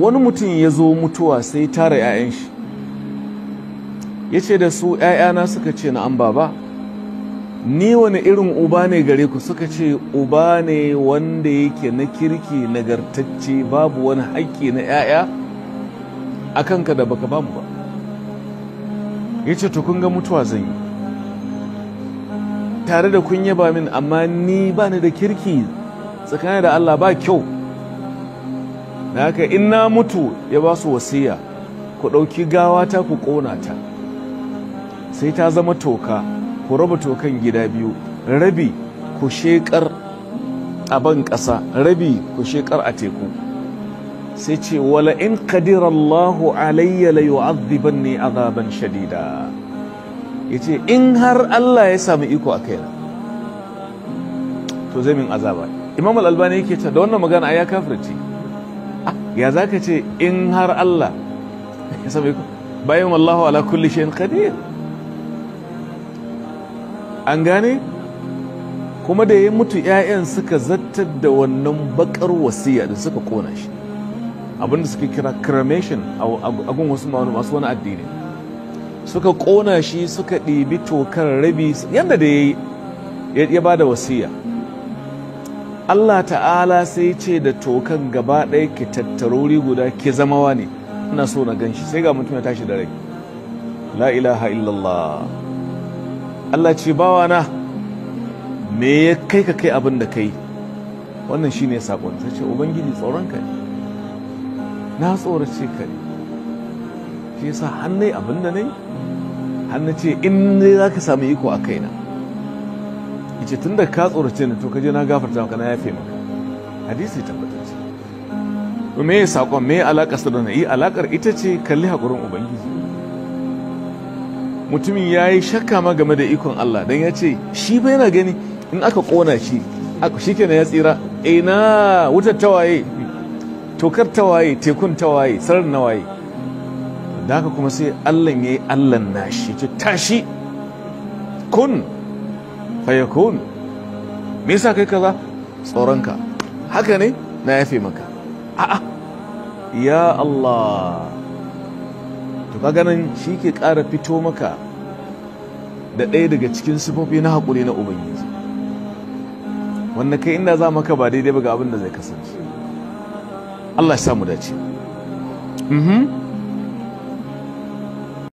wani mutum ya zo mutuwa sai tara 'ya'yan shi ya ce da su 'ya'yana suka ce na'am baba ni wani irin uba ne gare ku suka ce uba ne wanda yake na kirki nagartacce babu wani haƙƙi na 'ya'ya a kanka da baka bamu ba ya ce to kun ga mutuwa zan yi tare da kun yaba min amma ni ba ni da kirki tsakanin da allah ba kyau na haka in na mutu ya ba su wasiya ku ɗauki ta ku ƙona ta sai ta zama toka ku raba tokan gida biyu rabi ku sheƙar a ban ƙasa rabi ku sheƙar a teku sai ce wala in allahu alayya la a azaban shadida yace in har Allah ya sami iko a kaina to zai min azaba Imam al-Albani yake ta da wannan magana ya kafirci ya za ka ce in har Allah ya sami ku bayan wallahu ala kulli shayin qadir an gane kuma da ya mutu 'ya'yan suka zartar da wannan bakar wasiya da suka kona shi abinda suke kira cremation a gun wasu masu wani addini suka kona shi suka ɗibi tokar rabi yadda da ya ya ba da wasiya Allah ta'ala sai ce da tokan gaba ɗaya ki tattarori guda ki zama ne ina so na gan shi sai ga mutum ya tashi da rai la ilaha illallah Allah ce bawa na me ya kai ka kai abin da kai wannan shine sakon sai ce ubangiji tsoron ka ne na tsorace ka ne shi yasa hannai abin da nayi hannace ce in dai zaka samu iko a kaina tun da ka tsorace ni to kaje na gafarta maka na yafe maka hadisi tabbatacce to me sakon me alaƙa su da na'i eh, alakar ita ce kalli haƙurin ubangiji mutumin yayi shakka ma game da ikon Allah don ya ce shi ba yana gani in aka ƙona shi aka shikenan ya tsira ina eh, wutar tawaye tokar tawaye tekun tawaye sararin nawaye da haka kuma sai allan ya yi allan nashi ta tashi kun fayakun me yasa kai kaza tsoronka haka ne na yafe maka a'a ya Allah to kaga nan ke ƙara fito maka da ɗaya daga cikin sifofi na haƙuri na ubangiji wanda kai inda za maka ba daidai ba ga abin da zai kasance Allah ya samu dace mhm